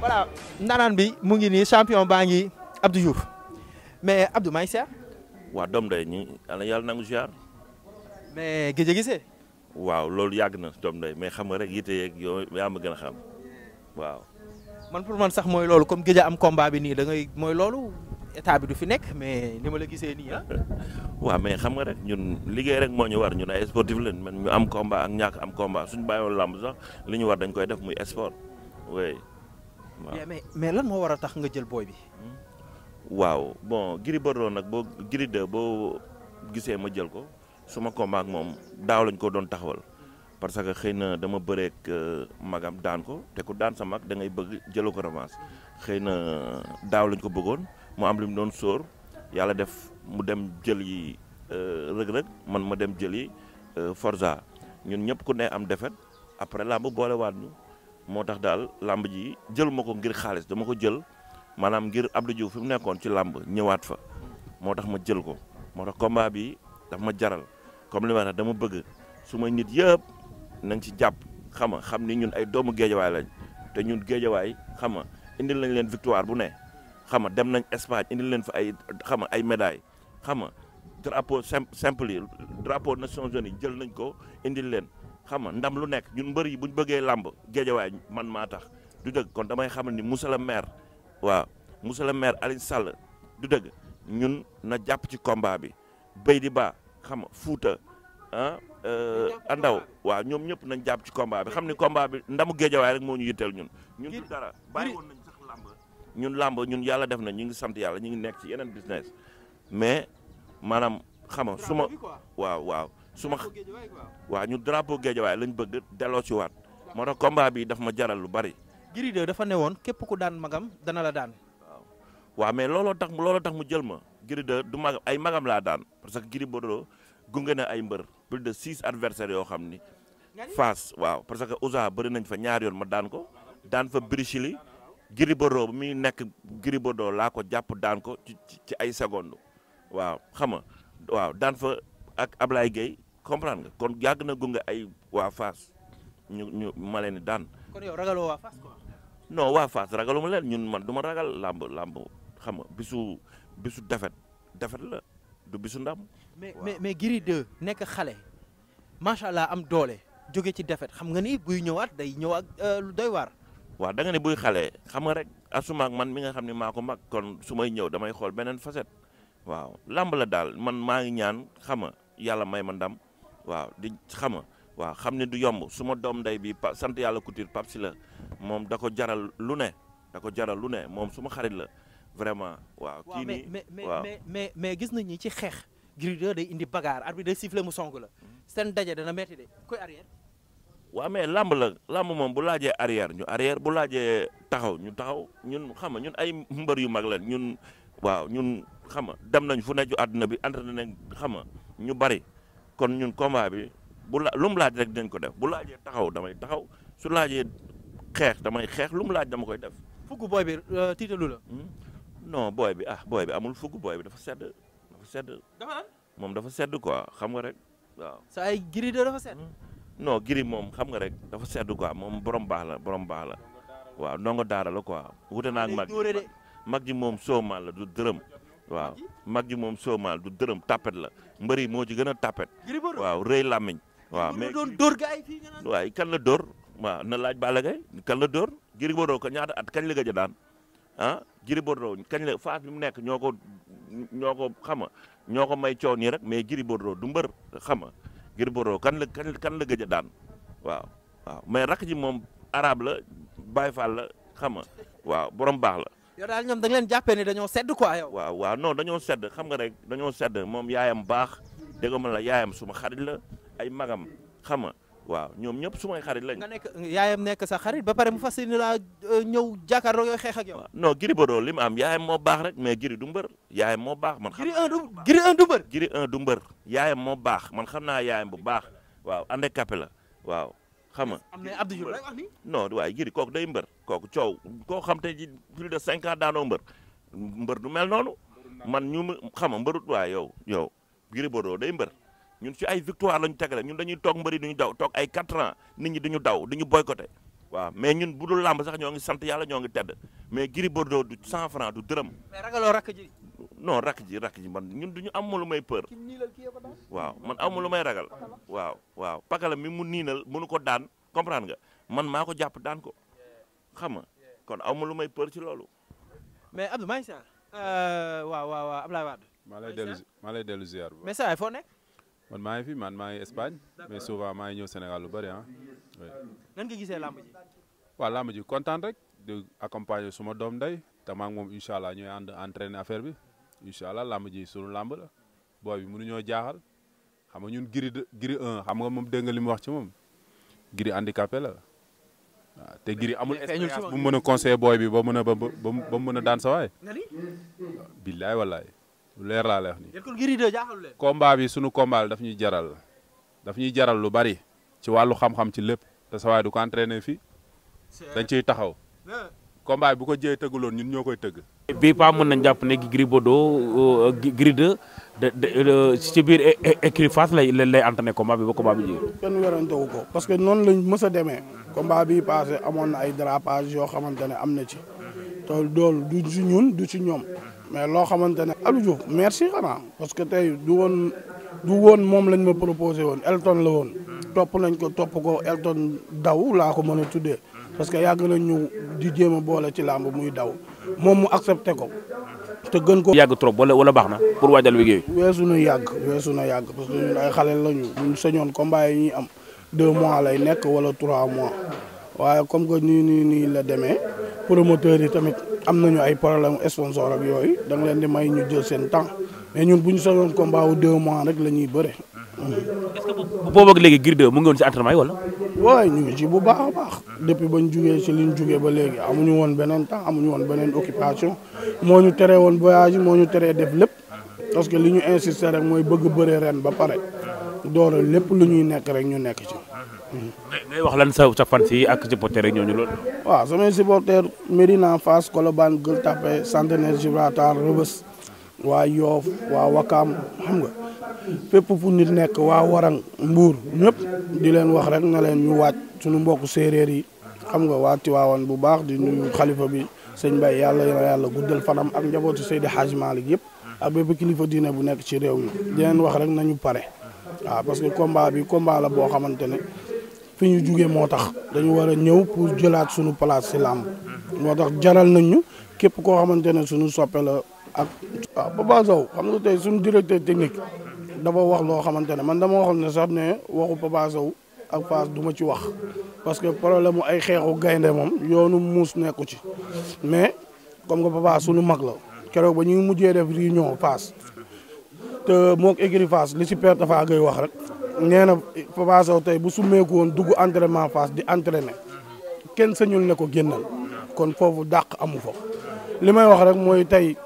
voilà ndanaan bi mu ngi nii champion baa ngi Abdou Diouf mais Abdou maa ngi seer. waaw doom day ñu yàlla nangu ziar. mais gëj a gisee. waaw loolu yàgg na doom day mais xam nga rek yite yeeg yow a waaw. man pour man sax mooy loolu comme gëj am combat bi nii da ngay mooy loolu état bi du fi nekk mais ni ma la gisee nii ah. mais xam nga rek ñun liggéey rek moo ñu war ñun ay sportif lañ man ñu am combat ak ñàkk am komba suñu bàyyiwoon làmb sax li ñu war dañ koy def muy sport mais mais lan moo war a tax nga jël booy bi. waaw bon Gris Bordeaux nag boo Gris 2 boo gisee ma jël ko suma combat ak moom daaw lañ ko doon taxawal. parce que xëy na dama bëreek euh, magam daan ko te ku daan sa mag da ngay bëgg jëloo ko revanche xëy na daaw lañ ko bëggoon mu am lu mu doon sóor yàlla def mu dem jël yi euh, rëg-rëg man ma dem jël yi euh, forsa ñun ñëpp ku ne am defet après laa làmb boolewaat ñu. moo tax daal làmb ji jël ma ko ngir xaalis dama ko jël maanaam ngir Abdou Diouf fi mu nekkoon ci làmb ñëwaat fa moo tax ma jël ko moo tax combat bi daf ma jaral comme li ma wax dama bëgg su ma nit yëpp nañ ci jàpp xam xam ni ñun ay doomu géejawaay lañ te ñun géejawaay xam nga indil nañ leen victoire bu ne xam nga dem nañ Espagne indil leen fa ay xam nga ay médailles xam nga drapeau simple yi drapeau Nations Unies jël nañ ko indil leen. xam nga ndam lu nekk ñun mbër yi buñ bëggee làmb géejawaay man maa tax du dëgg kon damay xamal ni monsieur le maire waaw monsieur le maire Aliou Sall du dëgg ñun na jàpp ci combat bi béy di ba xam nga fuuta ah euh, andaw waaw ñoom ñëpp nañ jàpp ci combat bi xam ni combat bi ndamu géejawaay rek moo ñu yitteel ñun ñun du dara bàyyi woon nañ sax làmb ñun làmb ñun yàlla def na ñu ngi samt yàlla ñu ngi nekk ci yeneen business mais maanaam xam nga waaw waaw su ma waaw ñu drapeau Guédiawaye lañ bëgg delloo ci waat moo tax combat bi daf ma jaral lu bari. Gris dafa ne woon képp ku daan magam dana la daan. waaw mais looloo tax looloo tax mu jël ma Gris du magam ay magam laa daan parce que Gris Bordeaux gunge na ay mbër plus de six adversaires yoo xam ni. Fass waaw parce que Ousa bëri nañ fa ñaar yoon ma daan ko daan fa Birichili Gris Bordeaux bu muy nekk Gris Bordeaux laa ko jàpp daan ko ci ay secondes waaw xam nga waaw daan fa ak Ablaye Gueye comprendre nga kon yàgg na gunge ay waa Fass ñu ñu ma leen daan. kon yow ragaloo waa Fass quoi. non waa Fass ragaluma leen ñun man du ma ragal làmb làmb xam nga bisu bisu defet defet la du bisu ndam. mais mais mais Gris nekk xale macha allah am doole jóge ci defet xam nga ni buy ñëwaat day ñëw ak euh, lu doy waar. waaw da nga buy xale xam nga rek asuma ak man mi nga xam ne maa ko mag kon su may ñëw damay xool beneen facette waaw làmb la daal man maa ngi ñaan xam nga yàlla may ma ndam waaw di xama waaw xam ne du yomb suma doom ndey bi pa sant yàlla couture Pape si la moom da ko jaral lu ne da ko jaral lu ne moom suma xarit la vraiment waaw kii nii waaw mais mais gis nañ ñi ci xeex Gris 2 day indi bagaar bi day siffler mu song la seen daje dana metti de koy arrière waaw mais làmb la làmb moom bu laajee arrière ñu arrière bu laajee taxaw ñu taxaw ñun xam nga ñun ay mbër yu mag la ñun waaw ñun xam nga dem nañ fu ne ju àdduna bi entraîné nañ xam nga ñu bari kon ñun combat bi bu la lu mu laaj rek dinañ ko def bu laajee taxaw damay taxaw su laajee xeex damay xeex lu mu laaj dama koy def. fukk booy bi euh, tiitalu la. Hmm? no booy bi ah booy bi amul fukk booy bi dafa sedd sedd. moom dafa sedd quoi xam nga rek sa ay giri de hmm? moom xam nga rek dafa sedd quoi moom borom baax la borom baax la waaw ndongo daara la ko wute naa ak mag mag ji moom soomaan la du dërëm. waaw mag ji moom soomaal du dërëm tapet la mbëri moo ci gën a tapet. waaw rëy làmmiñ. waaw mais doon dóor gaa yi kan la dóor waaw na laaj Balla Gaye kan la dóor Gris Bordeaux ko ñaata at kañ la gëj a daan ah Gris Bordeaux kañ la phase bi mu nekk ñoo ko ñoo ko xama ñoo ko may coow nii rek mais Gris Bordeaux du mbër xama Gris Bordeaux kan la kan kan la gëj daan waaw waaw mais rakk ji moom arabe la Baye Fall la xama waaw borom baax la yow daal ñoom da nga leen jàppee ni dañoo sedd quoi yow. waaw waaw non dañoo sedd xam ga rek dañoo sedd moom yaayam baax dégg ma la yaayam suma xarit la ay magam xam nga waaw ñoom ñëpp sumay xarit lañ. nga nekk yaayam nekk sa xarit ba pare mu fas yéene laa euh, ñëw jàkkaarloo yooyu xeex ak yow. non Gris li mu am yaayam moo baax rek mais Gris du mbër yaayam moo baax man. xam Gris un du moo baax man xam naa yaayam bu baax waaw handicapé la waaw xam nga am na Abdou Diouf lay wax waaye Gris kooku day mbër kooku coow koo xam te ji plus de cinq ans daanoo mbër mbër du mel noonu man ñu xam nga mbërut waaye yow yow Gris doo day mbër ñun ci ay victoire la ñu tegale ñun dañuy toog mbëri ñu daw toog ay quatre ans nit ñi duñu daw duñu boycotté waaw mais ñun bu dul làmb sax ñoo ngi sant yàlla ñoo ngi tedd mais Gris Bordeaux du cent franc du dërëm non rakk ji rakk ji man ñun du ñu am lu may peur waaw man amul lu may ragal waaw waaw pakala mi mu niinal mënu ko daan comprendre nga man maa ko jàpp daan ko xam nga kon amul lu may peur ci loolu. mais Abdou maa ngi euh, waaw waaw waaw Abdoulaye Wade. maa lay dellu maa lay dellu ziar bu baax mais saa foo nekk. man maa ngi fi man maa ngi Espagne mais souvent maa ngi ñëw Sénégal lu bari ah. nan nga gisee làmb ji. waaw ji kontaan rek di accompagner suma doom ndey te maa ngi moom incha allah ñooy ànd entraîner affaire bi. incha allah làmb ji sunu làmb la booy bi mënuñoo jaaxal xam nga ñun giri giri un xam nga moom dégg nga li mu wax ci moom giri handicapé la te giri amul expérience bu mën a conseiller booy bi ba mën a ba ba mën a daan sa waay. billaay wallaay lu leer laa lay wax nii. kon giri bi sunu combat daf ñuy jaral daf ñuy jaral lu bari ci wàllu xam-xam ci lépp te sa du ko entraîné fii dañ ciy taxaw. combat bi bu ko jëyee tëgguloon ñun ñoo koy tëgg. bii paa mën nañ jàpp ne Gris Bordeaux euh, Gris 2 de ci biir écurie Fass lay lay entraîné combat bi ba combat kenn werantewu ko parce que noonu lañ mës a demee. combat bii passé amoon na ay dérapage yoo xamante ne am na ci. te loolu du si ñun du si ñoom. mais loo xamante ne Aliou Diouf merci xanaa parce que tey du woon du woon moom lañ ma proposé woon Elton la woon. topp nañ ko topp ko Elton daw laa ko mën a tuddee. parce que yàgg nañ ñu di jéem a boole ci làmb muy daw moom mu accepté ko te gën ko yàgg trop wala wala baax na pour waajal liggéey weesu na yàgg weesu na yàgg parce que ñun ay xale lañu ñun sañoon combat yi ñuy am deux mois lay nekk wala trois mois waaye comme que nii nii nii la demee promoteurs yi tamit am nañu ay problème sponsor ak yooyu da leen di may ñu jël seen temps mais ñun bu ñu sañoon combat wu deux mois rek la ñuy bëre est-ce que boobu léegi Gris 2 mu ngi woon ci entraînement yi wala. waaw ñu ngi ci bu baax a baax. depuis ba jugee ci li jugee ba léegi amuñu woon beneen temps amuñu woon beneen occupation moo ñu teree woon voyage moo ñu teree def lépp parce que li ñu insisté rek mooy bëgg bëree ren ba pare door lépp lu ñuy nekk rek ñu nekk ci. ngay wax lan sa sa fan si ak supporters yi ñooñu loolu. waaw samay supporters Médina Fass Colobane Gueule Tapée Centenaire Gibraltar Rebeuss waa Yoff waa Wakaam xam nga. fépp fu nit nekk waa warang mbuur ñëpp di leen wax rek na leen ñu waaj suñu mbokk séeréer yi xam nga waa Tiwaawan bu baax di nuyu xalifa bi sëñ Baye yàlla na yàlla guddal fanam ak njabootu Seydi Hadj Malick yëpp ak bépp kilifa diine bu nekk ci réew mi di leen wax rek nañu pare waa parce que combat bi combat la boo xamante ne fi ñu jugee moo tax dañu war a ñëw pour jëlaat suñu place si làmb moo tax jaral nañu képp koo xamante suñu soppe la ak waaw Papa Sow xam nga tey suñu dafa wax loo xamante ne man dama waxoon ne sax ne waxu Papa Sow ak Fass du ma ci wax parce que problème mu ay xeexu gaynde moom yoonu muus nekku ci mais comme que Papa suñu mag la keroog ba ñuy mujjee def réunion Fass te moo ko écrit Fass li si perte dafa ngay wax rek nee na Papa Sow tey bu summeeku woon dugg entraînement Fass di entraîner kenn sañul ne ko génnal kon foofu dàq amu fa li may wax rek mooy tey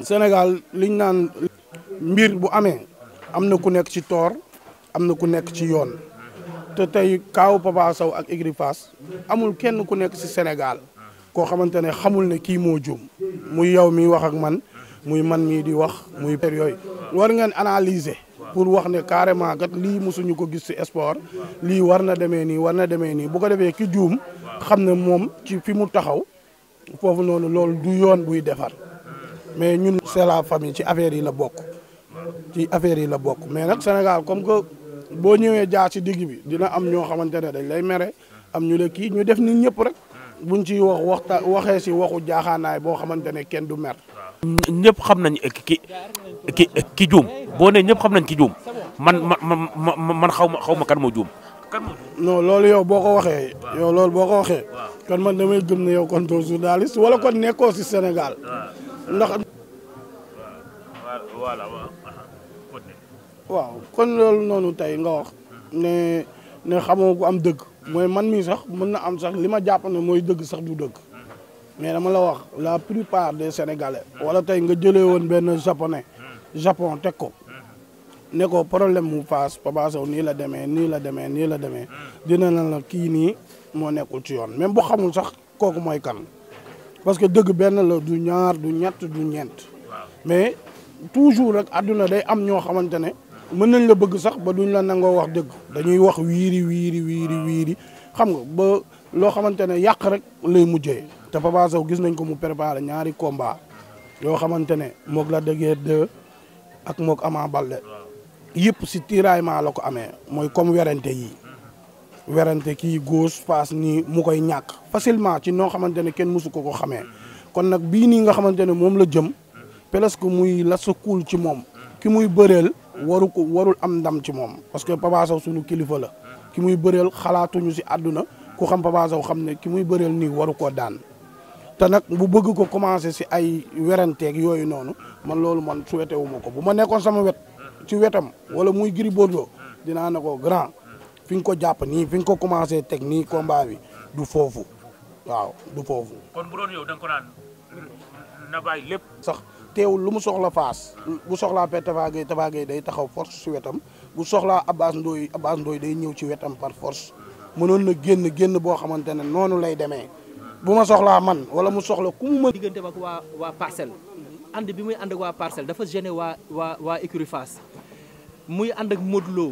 Sénégal liñ naan mbir bu amee am na ku nekk ci toor am na ku nekk ci yoon te tey kaaw Papa Sow ak Igri amul kenn ku nekk ci Sénégal koo xamante ne xamul ne kii moo juum muy yow miy wax ak man muy man mii di wax muy per yooyu war ngeen analyser pour wax ne carrément kat lii mosuñu ko gis ci sport lii war na demee nii war na demee nii bu ko defee ki juum xam ne moom ci fi mu taxaw foofu noonu loolu du yoon buy defar mais ñun c'est la famille ci affaire yi la bokk ci affaire yi la bokk mais nag Sénégal comme que boo ñëwee jaar ci digg bi dina am ñoo xamante ne dañ lay mere am ñu la kii ñu def ni ñëpp rek buñ ci wax waxee si waxu jaaxaanaay boo xamante ne kenn du mer. ñëpp xam nañ ki ki ki juum boo nee ñëpp xam nañ ki juum man man man man xaw ma xaw ma kan moo juum. non loolu yow boo ko waxee yow loolu boo ko waxee kon man damay gëm ne yow kon doo journaliste wala kon nekkoo si Sénégal waaw kon loolu noonu tey nga wax ne ne xamoo ku am dëgg mooy man mii sax mën na am sax li ma jàpp ne mooy dëgg sax du dëgg mais dama la wax la plupart des sénégalais wala tey nga jëlee woon benn japonais japon teg ko ne ko problème mu Fass Papa Sow nii la demee nii la demee nii la demee dina na la kii nii moo nekkul ci yoon même bu xamul sax kooku mooy kan parce que dëgg benn la du ñaar du ñett du ñeent mais toujours rek àdduna day am ñoo xamante ne mën nañ la bëgg sax ba duñ la nangoo wax dëgg dañuy wax wiiri wiiri wiiri ah. wiiri xam nga ba loo xamante ne yàq rek lay mujjee te Papa Sow gis nañ ko mu préparé ñaari komba yoo xamante ne moog la dëggee de ak moog Ama Baldé yëpp si tiraillement la ko amee mooy comme werante yi werante kii gauche passe nii mu koy ñàkk facilement ci noo xamante ne kenn mësu ko ko xamee kon nag bii nii nga xamante ne moom la jëm presque muy la sa ci moom ki muy bëreel waru ko warul am ndam ci moom parce que Papa Sow suñu kilifa la ki muy bëreel xalaatuñu si àdduna ku xam Papa Sow xam ne ki muy bëreel nii waru koo daan te nag bu bëgg ko commencé si ay weranteeg yooyu noonu man loolu man souhaité wu ko bu ma nekkoon sama wet ci wetam wala muy Gris dinaa ne ko grand fi nga ko jàpp nii fi nga ko commencé teg nii combat du foofu waaw du foofu. kon bu doon yow da ko naan na bàyyi lépp teewul lu mu soxla faas bu soxlaa pe Tapha Gueye Tapha Gueye day taxaw force si wetam bu soxlaa Abbas Ndoye Abbas Ndoye day ñëw ci wetam par force mënoon na génn génn boo xamante ne noonu lay demee bu ma soxlaa man wala mu soxla ku mu mën diggante ak waa waa parcelle ànd bi muy ànd ak waa parcelle dafa gêné waa waa waa écurie Fass muy ànd ak Modou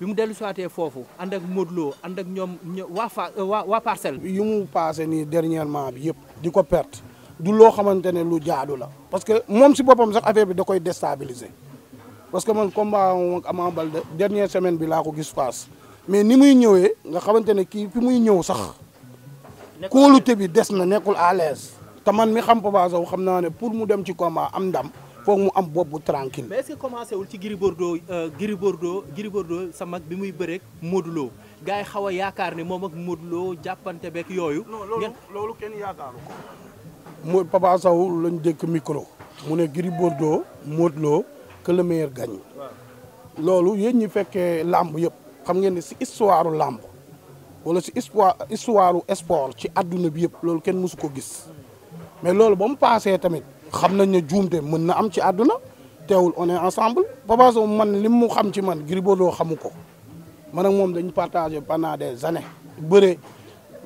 Lo bi mu dellu soité foofu ànd ak Modou Lo ànd ak ñoom waa Fass waa waa parcelle yu mu passé nii dernièrement bi yëpp di ko perte du loo xamante ne lu jaadu la parce que moom si boppam sax affaire bi da koy déstabiliser parce que man combat ak bal Baldé dernière semaine bi laa ko gis face mais ni muy ñëwee nga xamante ne kii fi muy ñëw sax kóolute bi des na nekkul à l'aise te man mi xam Papa Sow xam naa ne pour mu dem ci combat am ndam foog mu am bopp bu tranquille mais est-ce commencé wul ci Gris Bordeaux euh, Gris doo Gris Bordeaux sa mag bi muy bëreeg Modou Lo gars yi xaw a yaakaar ne moom ak Modou Lo jàppante beeg yooyu. non loolu loolu mu Papa Sow lañ dékk micro mu ne Gris Bordeaux Modou Lo que loolu yéen ñi fekkee làmb yëpp xam ngeen ne si histoire làmb walla si histoire histoire sport ci àdduna bi yëpp loolu kenn mësu ko gis mais loolu ba mu paasee tamit xam nañ ne juumte mën na am ci àdduna teewul on est ensemble Papa Sow man li mu xam ci man Gris xamu ko man moom dañ partagé pendant des années bëre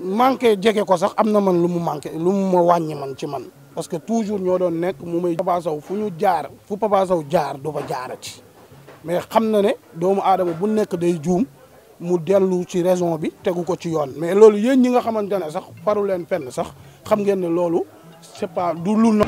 manqué jege ko sax am na man lu mu manqué lu mu ma wàññi man ci man parce que toujours ñoo doon nekk mu may Papa Sow fu ñu jaar fu Papa Sow jaar du fa jaarati mais xam na ne doomu aadama bu nekk day juum mu dellu ci raison bi tegu ko ci yoon mais loolu yéen ñi nga xamante ne sax faru leen fenn sax xam ngeen ne loolu c'est pas du lu